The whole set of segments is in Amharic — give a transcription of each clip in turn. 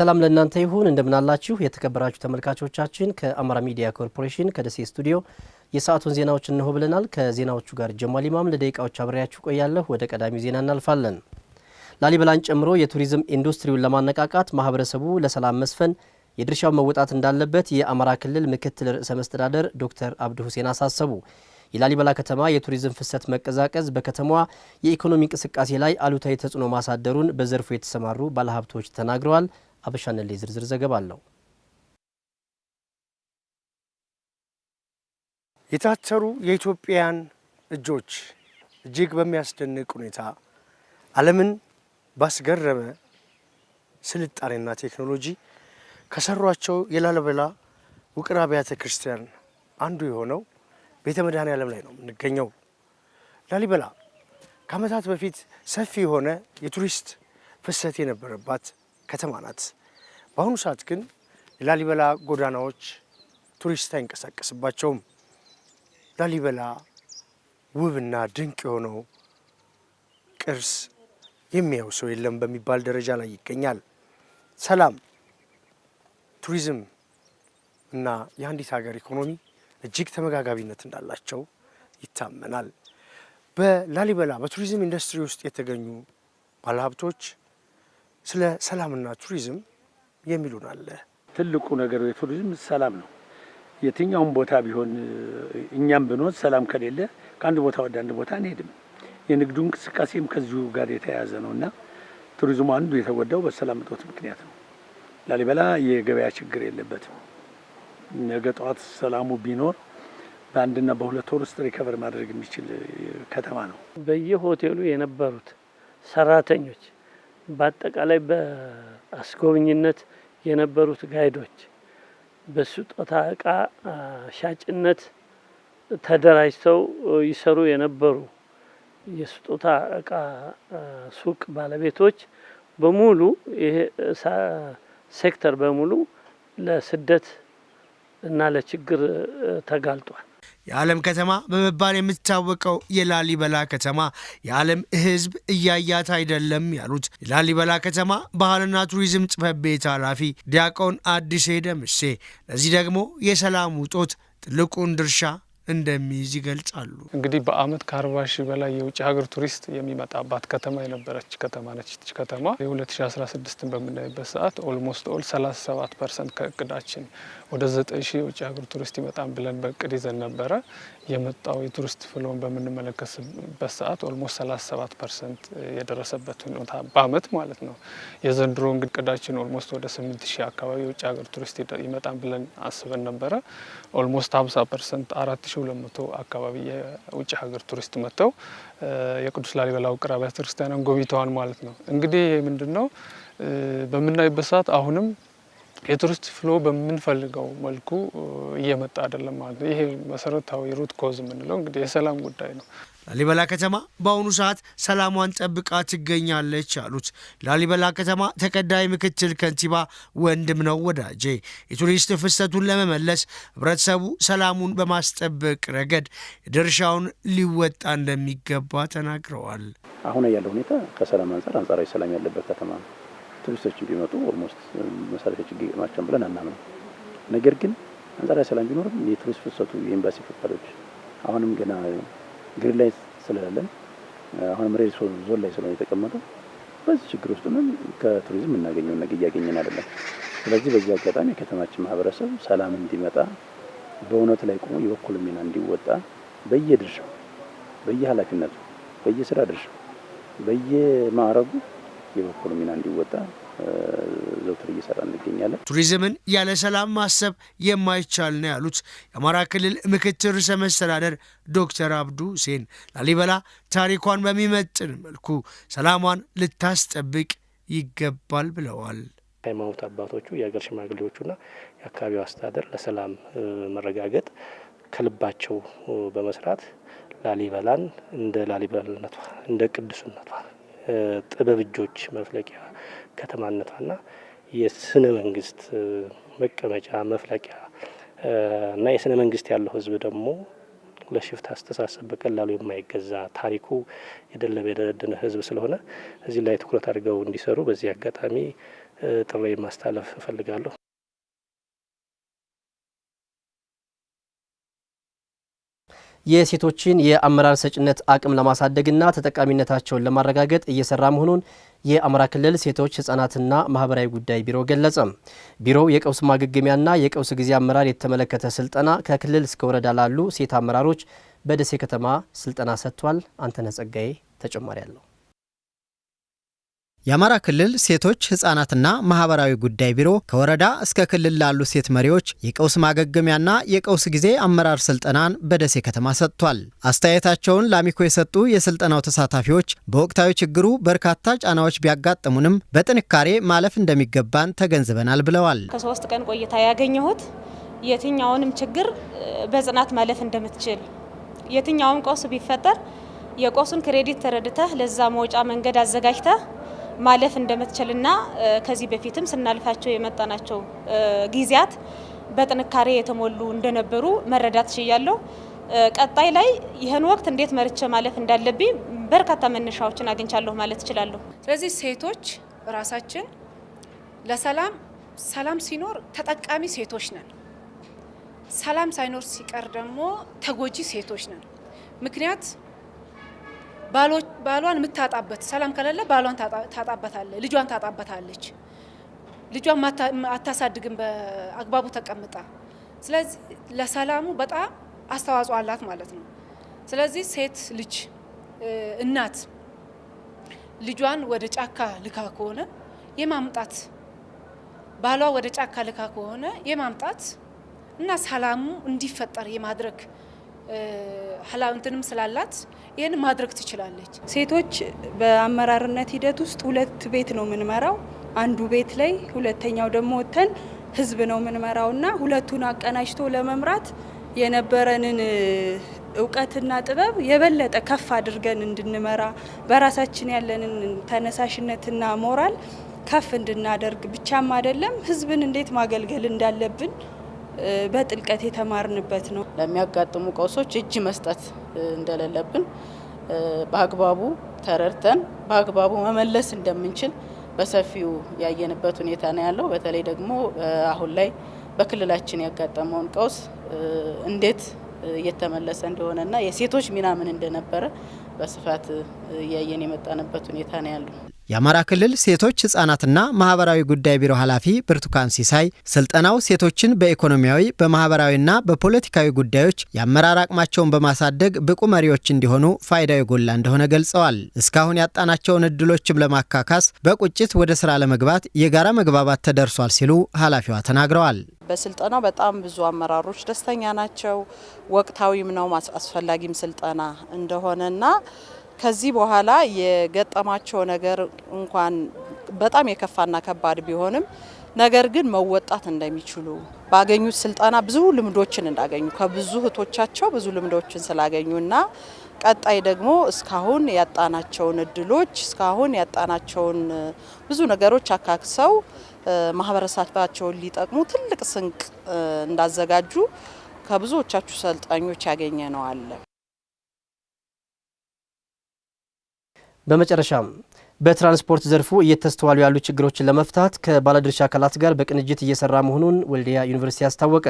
ሰላም ለእናንተ ይሁን። እንደምናላችሁ የተከበራችሁ ተመልካቾቻችን፣ ከአማራ ሚዲያ ኮርፖሬሽን ከደሴ ስቱዲዮ የሰዓቱን ዜናዎች እንሆ ብለናል። ከዜናዎቹ ጋር ጀማል ኢማም ለደቂቃዎች አብሬያችሁ ቆያለሁ። ወደ ቀዳሚው ዜና እናልፋለን። ላሊበላን ጨምሮ የቱሪዝም ኢንዱስትሪውን ለማነቃቃት ማህበረሰቡ ለሰላም መስፈን የድርሻው መወጣት እንዳለበት የአማራ ክልል ምክትል ርዕሰ መስተዳደር ዶክተር አብዱ ሁሴን አሳሰቡ። የላሊበላ ከተማ የቱሪዝም ፍሰት መቀዛቀዝ በከተማዋ የኢኮኖሚ እንቅስቃሴ ላይ አሉታዊ ተጽዕኖ ማሳደሩን በዘርፉ የተሰማሩ ባለሀብቶች ተናግረዋል። አበሻነሌ ዝርዝር ዘገባ አለው። የታተሩ የኢትዮጵያን እጆች እጅግ በሚያስደንቅ ሁኔታ ዓለምን ባስገረመ ስልጣኔና ቴክኖሎጂ ከሰሯቸው የላሊበላ ውቅር አብያተ ክርስቲያን አንዱ የሆነው ቤተ መድኃኔዓለም ላይ ነው የምንገኘው። ላሊበላ ከዓመታት በፊት ሰፊ የሆነ የቱሪስት ፍሰት የነበረባት ከተማ ናት። በአሁኑ ሰዓት ግን የላሊበላ ጎዳናዎች ቱሪስት አይንቀሳቀስባቸውም። ላሊበላ ውብና ድንቅ የሆነው ቅርስ የሚያየው ሰው የለም በሚባል ደረጃ ላይ ይገኛል። ሰላም፣ ቱሪዝም እና የአንዲት ሀገር ኢኮኖሚ እጅግ ተመጋጋቢነት እንዳላቸው ይታመናል። በላሊበላ በቱሪዝም ኢንዱስትሪ ውስጥ የተገኙ ባለሀብቶች ስለ ሰላምና ቱሪዝም የሚሉን አለ። ትልቁ ነገር የቱሪዝም ሰላም ነው። የትኛውም ቦታ ቢሆን እኛም ብንሆን ሰላም ከሌለ ከአንድ ቦታ ወደ አንድ ቦታ አንሄድም። የንግዱ እንቅስቃሴም ከዚሁ ጋር የተያያዘ ነው እና ቱሪዝሙ አንዱ የተጎዳው በሰላም እጦት ምክንያት ነው። ላሊበላ የገበያ ችግር የለበትም። ነገ ጠዋት ሰላሙ ቢኖር በአንድና በሁለት ወር ውስጥ ሪከቨር ማድረግ የሚችል ከተማ ነው። በየሆቴሉ የነበሩት ሰራተኞች በአጠቃላይ በአስጎብኝነት የነበሩት ጋይዶች በስጦታ እቃ ሻጭነት ተደራጅተው ይሰሩ የነበሩ የስጦታ እቃ ሱቅ ባለቤቶች በሙሉ ይሄ ሴክተር በሙሉ ለስደት እና ለችግር ተጋልጧል። የዓለም ከተማ በመባል የምትታወቀው የላሊበላ ከተማ የዓለም ሕዝብ እያያት አይደለም ያሉት የላሊበላ ከተማ ባህልና ቱሪዝም ጽሕፈት ቤት ኃላፊ ዲያቆን አዲሴ ደምሴ ለዚህ ደግሞ የሰላም ውጦት ትልቁን ድርሻ እንደሚይዝ ይገልጻሉ። እንግዲህ በአመት ከ40 ሺህ በላይ የውጭ ሀገር ቱሪስት የሚመጣባት ከተማ የነበረች ከተማ ነች። ይች ከተማ የ2016 በምናይበት ሰዓት ኦልሞስት ኦል 37 ፐርሰንት ከእቅዳችን ወደ 9 ሺህ የውጭ ሀገር ቱሪስት ይመጣን ብለን በእቅድ ይዘን ነበረ። የመጣው የቱሪስት ፍሎን በምንመለከትበት ሰዓት ኦልሞስት 37 ፐርሰንት የደረሰበት ሁኔታ በአመት ማለት ነው። የዘንድሮ እቅዳችን ኦልሞስት ወደ 8 ሺህ አካባቢ የውጭ ሀገር ቱሪስት ይመጣን ብለን አስበን ነበረ። ኦልሞስት 50 ፐርሰንት 4200 አካባቢ የውጭ ሀገር ቱሪስት መጥተው የቅዱስ ላሊበላ ውቅር አብያተ ክርስቲያንን ጎብኝተዋል ማለት ነው። እንግዲህ ይህ ምንድን ነው በምናይበት ሰዓት አሁንም የቱሪስት ፍሎ በምንፈልገው መልኩ እየመጣ አይደለም ማለት ነው። ይሄ መሰረታዊ ሩት ኮዝ የምንለው እንግዲህ የሰላም ጉዳይ ነው። ላሊበላ ከተማ በአሁኑ ሰዓት ሰላሟን ጠብቃ ትገኛለች አሉት ላሊበላ ከተማ ተቀዳሚ ምክትል ከንቲባ ወንድም ነው ወዳጄ። የቱሪስት ፍሰቱን ለመመለስ ህብረተሰቡ ሰላሙን በማስጠበቅ ረገድ ድርሻውን ሊወጣ እንደሚገባ ተናግረዋል። አሁን ያለው ሁኔታ ከሰላም አንጻር አንጻራዊ ሰላም ያለበት ከተማ ነው ቱሪስቶች ቢመጡ ኦልሞስት መሰረተ ችግር ይገጥማቸዋል ብለን አናምንም። ነገር ግን አንጻራዊ ሰላም ቢኖርም የቱሪስት ፍሰቱ የኤምባሲ ፍቃዶች አሁንም ገና ግሪን ላይ ስለሌለን አሁንም ሬድ ዞን ላይ ስለሆነ የተቀመጠ በዚህ ችግር ውስጥ ምን ከቱሪዝም እናገኘው ነገር እያገኘን አይደለም። ስለዚህ በዚህ አጋጣሚ የከተማችን ማህበረሰብ ሰላም እንዲመጣ በእውነት ላይ ቆሞ የበኩል ሚና እንዲወጣ በየድርሻው፣ በየኃላፊነቱ፣ በየስራ ድርሻው፣ በየማዕረጉ የበኩሉ ሚና እንዲወጣ ዘውትር እየሰራ እንገኛለን። ቱሪዝምን ያለ ሰላም ማሰብ የማይቻል ነው ያሉት የአማራ ክልል ምክትል ርዕሰ መስተዳደር ዶክተር አብዱ ሁሴን ላሊበላ ታሪኳን በሚመጥን መልኩ ሰላሟን ልታስጠብቅ ይገባል ብለዋል። ሃይማኖት አባቶቹ፣ የሀገር ሽማግሌዎቹና የአካባቢው አስተዳደር ለሰላም መረጋገጥ ከልባቸው በመስራት ላሊበላን እንደ ላሊበላነቷ እንደ ቅዱስነቷ ጥበብ እጆች መፍለቂያ ከተማነቷና የስነ መንግስት መቀመጫ መፍለቂያ እና የስነ መንግስት ያለው ህዝብ ደግሞ ለሽፍት አስተሳሰብ በቀላሉ የማይገዛ ታሪኩ የደለበ የደረደነ ህዝብ ስለሆነ እዚህ ላይ ትኩረት አድርገው እንዲሰሩ በዚህ አጋጣሚ ጥሪ ማስተላለፍ እፈልጋለሁ። የሴቶችን የአመራር ሰጭነት አቅም ለማሳደግና ተጠቃሚነታቸውን ለማረጋገጥ እየሰራ መሆኑን የአማራ ክልል ሴቶች ህጻናትና ማህበራዊ ጉዳይ ቢሮ ገለጸ። ቢሮው የቀውስ ማገገሚያና የቀውስ ጊዜ አመራር የተመለከተ ስልጠና ከክልል እስከ ወረዳ ላሉ ሴት አመራሮች በደሴ ከተማ ስልጠና ሰጥቷል። አንተነህ ጸጋዬ ተጨማሪ አለው። የአማራ ክልል ሴቶች ህጻናትና ማህበራዊ ጉዳይ ቢሮ ከወረዳ እስከ ክልል ላሉ ሴት መሪዎች የቀውስ ማገገሚያና የቀውስ ጊዜ አመራር ስልጠናን በደሴ ከተማ ሰጥቷል። አስተያየታቸውን ላሚኮ የሰጡ የስልጠናው ተሳታፊዎች በወቅታዊ ችግሩ በርካታ ጫናዎች ቢያጋጥሙንም በጥንካሬ ማለፍ እንደሚገባን ተገንዝበናል ብለዋል። ከሶስት ቀን ቆይታ ያገኘሁት የትኛውንም ችግር በጽናት ማለፍ እንደምትችል የትኛውም ቀውስ ቢፈጠር የቀውሱን ክሬዲት ተረድተህ ለዛ መውጫ መንገድ አዘጋጅተህ ማለፍ እንደመትችልና ከዚህ በፊትም ስናልፋቸው የመጣናቸው ጊዜያት በጥንካሬ የተሞሉ እንደነበሩ መረዳት ችያለሁ። ቀጣይ ላይ ይህን ወቅት እንዴት መርቼ ማለፍ እንዳለብኝ በርካታ መነሻዎችን አግኝቻለሁ ማለት እችላለሁ። ስለዚህ ሴቶች ራሳችን ለሰላም ሰላም ሲኖር ተጠቃሚ ሴቶች ነን። ሰላም ሳይኖር ሲቀር ደግሞ ተጎጂ ሴቶች ነን። ምክንያት ባሏን የምታጣበት ሰላም ከሌለ ባሏን ታጣበታለች፣ ልጇን ታጣበታለች። ልጇን አታሳድግም በአግባቡ ተቀምጣ። ስለዚህ ለሰላሙ በጣም አስተዋጽኦ አላት ማለት ነው። ስለዚህ ሴት ልጅ እናት ልጇን ወደ ጫካ ልካ ከሆነ የማምጣት ባሏ ወደ ጫካ ልካ ከሆነ የማምጣት እና ሰላሙ እንዲፈጠር የማድረግ ሀላንትንም ስላላት ይህን ማድረግ ትችላለች። ሴቶች በአመራርነት ሂደት ውስጥ ሁለት ቤት ነው የምንመራው፣ አንዱ ቤት ላይ ሁለተኛው ደግሞ ወተን ህዝብ ነው የምንመራው እና ሁለቱን አቀናጅቶ ለመምራት የነበረንን እውቀትና ጥበብ የበለጠ ከፍ አድርገን እንድንመራ በራሳችን ያለንን ተነሳሽነትና ሞራል ከፍ እንድናደርግ ብቻም አይደለም ህዝብን እንዴት ማገልገል እንዳለብን በጥልቀት የተማርንበት ነው። ለሚያጋጥሙ ቀውሶች እጅ መስጠት እንደሌለብን በአግባቡ ተረድተን በአግባቡ መመለስ እንደምንችል በሰፊው ያየንበት ሁኔታ ነው ያለው። በተለይ ደግሞ አሁን ላይ በክልላችን ያጋጠመውን ቀውስ እንዴት እየተመለሰ እንደሆነና የሴቶች ሚና ምን እንደነበረ በስፋት እያየን የመጣንበት ሁኔታ ነው ያለው። የአማራ ክልል ሴቶች ህጻናትና ማህበራዊ ጉዳይ ቢሮ ኃላፊ ብርቱካን ሲሳይ ስልጠናው ሴቶችን በኢኮኖሚያዊ በማህበራዊና በፖለቲካዊ ጉዳዮች የአመራር አቅማቸውን በማሳደግ ብቁ መሪዎች እንዲሆኑ ፋይዳው የጎላ እንደሆነ ገልጸዋል። እስካሁን ያጣናቸውን እድሎችም ለማካካስ በቁጭት ወደ ስራ ለመግባት የጋራ መግባባት ተደርሷል ሲሉ ኃላፊዋ ተናግረዋል። በስልጠናው በጣም ብዙ አመራሮች ደስተኛ ናቸው። ወቅታዊም ነው አስፈላጊም ስልጠና እንደሆነና ከዚህ በኋላ የገጠማቸው ነገር እንኳን በጣም የከፋና ከባድ ቢሆንም ነገር ግን መወጣት እንደሚችሉ ባገኙት ስልጠና ብዙ ልምዶችን እንዳገኙ ከብዙ እህቶቻቸው ብዙ ልምዶችን ስላገኙና ቀጣይ ደግሞ እስካሁን ያጣናቸውን እድሎች እስካሁን ያጣናቸውን ብዙ ነገሮች አካክሰው ማህበረሰባቸውን ሊጠቅሙ ትልቅ ስንቅ እንዳዘጋጁ ከብዙዎቻችሁ ሰልጣኞች ያገኘ ነው አለ። በመጨረሻም በትራንስፖርት ዘርፉ እየተስተዋሉ ያሉ ችግሮችን ለመፍታት ከባለድርሻ አካላት ጋር በቅንጅት እየሰራ መሆኑን ወልዲያ ዩኒቨርሲቲ አስታወቀ።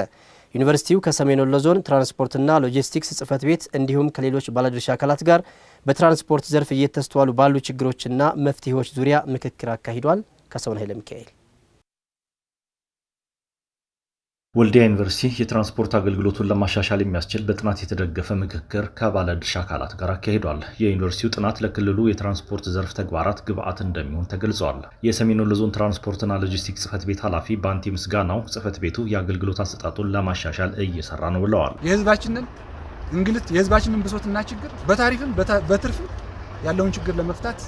ዩኒቨርሲቲው ከሰሜን ወሎ ዞን ትራንስፖርትና ሎጂስቲክስ ጽፈት ቤት እንዲሁም ከሌሎች ባለድርሻ አካላት ጋር በትራንስፖርት ዘርፍ እየተስተዋሉ ባሉ ችግሮችና መፍትሄዎች ዙሪያ ምክክር አካሂዷል። ከሰውን ኃይለ ሚካኤል ወልዲያ ዩኒቨርሲቲ የትራንስፖርት አገልግሎቱን ለማሻሻል የሚያስችል በጥናት የተደገፈ ምክክር ከባለድርሻ አካላት ጋር አካሂዷል። የዩኒቨርሲቲው ጥናት ለክልሉ የትራንስፖርት ዘርፍ ተግባራት ግብዓት እንደሚሆን ተገልጿል። የሰሜን ወሎ ዞን ትራንስፖርትና ሎጂስቲክስ ጽህፈት ቤት ኃላፊ ባንቲ ምስጋናው ጽህፈት ቤቱ የአገልግሎት አሰጣጡን ለማሻሻል እየሰራ ነው ብለዋል። የህዝባችንን እንግልት፣ የህዝባችንን ብሶትና ችግር በታሪፍም በትርፍም ያለውን ችግር ለመፍታት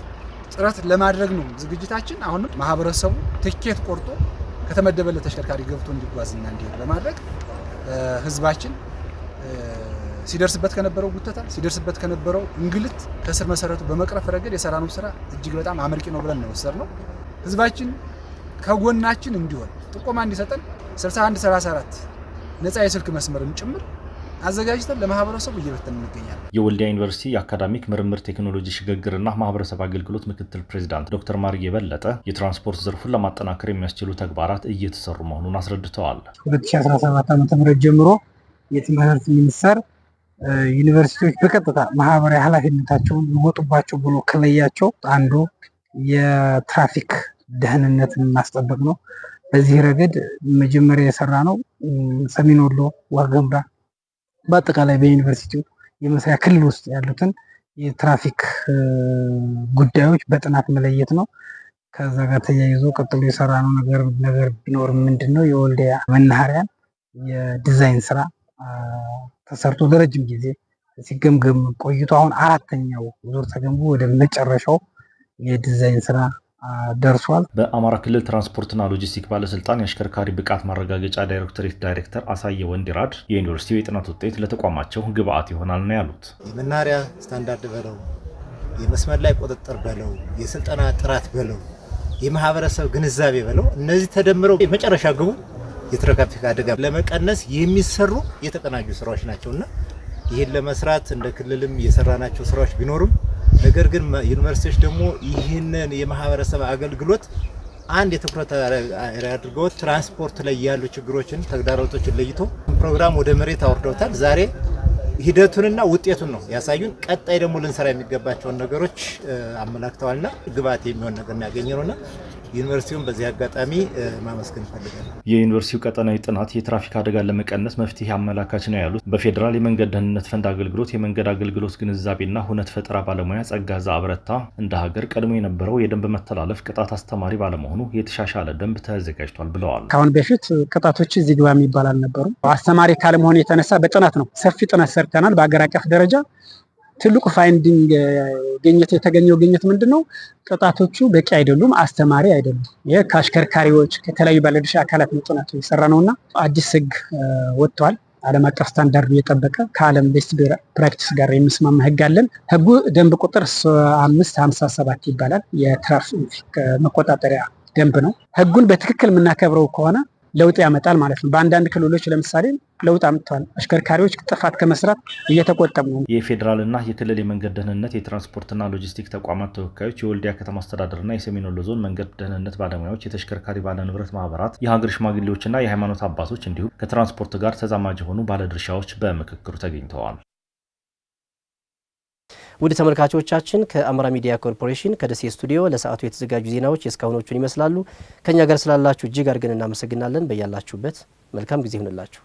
ጥረት ለማድረግ ነው ዝግጅታችን። አሁንም ማህበረሰቡ ትኬት ቆርጦ ከተመደበለት ተሽከርካሪ ገብቶ እንዲጓዝና እንዲሄድ በማድረግ ህዝባችን ሲደርስበት ከነበረው ጉተታ ሲደርስበት ከነበረው እንግልት ከስር መሰረቱ በመቅረፍ ረገድ የሰራነው ስራ እጅግ በጣም አመርቂ ነው ብለን ነው የወሰድነው። ህዝባችን ከጎናችን እንዲሆን ጥቆማ እንዲሰጠን 6134 ነፃ የስልክ መስመርም ጭምር አዘጋጅተን ለማህበረሰቡ እየበተን እንገኛለን። የወልዲያ ዩኒቨርሲቲ የአካዳሚክ ምርምር ቴክኖሎጂ ሽግግርና ማህበረሰብ አገልግሎት ምክትል ፕሬዚዳንት ዶክተር ማርጌ የበለጠ የትራንስፖርት ዘርፉን ለማጠናከር የሚያስችሉ ተግባራት እየተሰሩ መሆኑን አስረድተዋል። 2017 ዓ ም ጀምሮ የትምህርት ሚኒስቴር ዩኒቨርሲቲዎች በቀጥታ ማህበራዊ ኃላፊነታቸውን ይወጡባቸው ብሎ ከለያቸው አንዱ የትራፊክ ደህንነትን ማስጠበቅ ነው። በዚህ ረገድ መጀመሪያ የሰራ ነው ሰሜን ወሎ ዋግ ኽምራ በአጠቃላይ በዩኒቨርሲቲው የመስሪያ ክልል ውስጥ ያሉትን የትራፊክ ጉዳዮች በጥናት መለየት ነው። ከዛ ጋር ተያይዞ ቀጥሎ የሰራነው ነገር ነገር ቢኖር ምንድን ነው የወልዲያ መናኸሪያን የዲዛይን ስራ ተሰርቶ ለረጅም ጊዜ ሲገምገም ቆይቶ አሁን አራተኛው ዙር ተገምቦ ወደ መጨረሻው የዲዛይን ስራ ደርሷል። በአማራ ክልል ትራንስፖርትና ሎጂስቲክ ባለስልጣን የአሽከርካሪ ብቃት ማረጋገጫ ዳይሬክቶሬት ዳይሬክተር አሳየ ወንዲራድ የዩኒቨርሲቲው የጥናት ውጤት ለተቋማቸው ግብአት ይሆናል ነው ያሉት። የመናሪያ ስታንዳርድ በለው፣ የመስመር ላይ ቁጥጥር በለው፣ የስልጠና ጥራት በለው፣ የማህበረሰብ ግንዛቤ በለው፣ እነዚህ ተደምረው የመጨረሻ ግቡ የትራፊክ አደጋ ለመቀነስ የሚሰሩ የተቀናጁ ስራዎች ናቸውና ይህን ለመስራት እንደ ክልልም የሰራናቸው ስራዎች ቢኖሩም ነገር ግን ዩኒቨርሲቲዎች ደግሞ ይህንን የማህበረሰብ አገልግሎት አንድ የትኩረት አድርገው ትራንስፖርት ላይ ያሉ ችግሮችን፣ ተግዳሮቶችን ለይቶ ፕሮግራም ወደ መሬት አውርደውታል። ዛሬ ሂደቱንና ውጤቱን ነው ያሳዩን። ቀጣይ ደግሞ ልንሰራ የሚገባቸውን ነገሮች አመላክተዋልና ግብዓት የሚሆን ነገር ያገኘ ነውና ዩኒቨርሲቲውን በዚህ አጋጣሚ ማመስገን እፈልጋለሁ። የዩኒቨርሲቲው ቀጠናዊ ጥናት የትራፊክ አደጋን ለመቀነስ መፍትሄ አመላካች ነው ያሉት በፌዴራል የመንገድ ደህንነት ፈንድ አገልግሎት የመንገድ አገልግሎት ግንዛቤና ሁነት ፈጠራ ባለሙያ ጸጋዛ አብረታ እንደ ሀገር ቀድሞ የነበረው የደንብ መተላለፍ ቅጣት አስተማሪ ባለመሆኑ የተሻሻለ ደንብ ተዘጋጅቷል ብለዋል። ከአሁን በፊት ቅጣቶች እዚህ ግባ የሚባል አልነበሩም። አስተማሪ ካለመሆኑ የተነሳ በጥናት ነው ሰፊ ጥናት ሰርተናል በሀገር አቀፍ ደረጃ ትልቁ ፋይንዲንግ ግኝት የተገኘው ግኝት ምንድን ነው? ቅጣቶቹ በቂ አይደሉም፣ አስተማሪ አይደሉም። ይህ ከአሽከርካሪዎች ከተለያዩ ባለድርሻ አካላት መጥናቱ የሰራ ነው እና አዲስ ህግ ወጥቷል። ዓለም አቀፍ ስታንዳርዱ የጠበቀ ከዓለም ቤስት ፕራክቲስ ጋር የሚስማማ ህግ አለን። ህጉ ደንብ ቁጥር አምስት ሀምሳ ሰባት ይባላል። የትራፊክ መቆጣጠሪያ ደንብ ነው። ህጉን በትክክል የምናከብረው ከሆነ ለውጥ ያመጣል ማለት ነው። በአንዳንድ ክልሎች ለምሳሌ ለውጥ አምጥተዋል። አሽከርካሪዎች ጥፋት ከመስራት እየተቆጠቡ ነው። የፌዴራልና የክልል የመንገድ ደህንነት የትራንስፖርትና ሎጂስቲክ ተቋማት ተወካዮች፣ የወልዲያ ከተማ አስተዳደርና የሰሜን ወሎ ዞን መንገድ ደህንነት ባለሙያዎች፣ የተሽከርካሪ ባለንብረት ማህበራት፣ የሀገር ሽማግሌዎችና የሃይማኖት አባቶች እንዲሁም ከትራንስፖርት ጋር ተዛማጅ የሆኑ ባለድርሻዎች በምክክሩ ተገኝተዋል። ውድ ተመልካቾቻችን ከአማራ ሚዲያ ኮርፖሬሽን ከደሴ ስቱዲዮ ለሰዓቱ የተዘጋጁ ዜናዎች የእስካሁኖቹን ይመስላሉ። ከእኛ ጋር ስላላችሁ እጅግ አድርገን እናመሰግናለን። በያላችሁበት መልካም ጊዜ ይሁንላችሁ።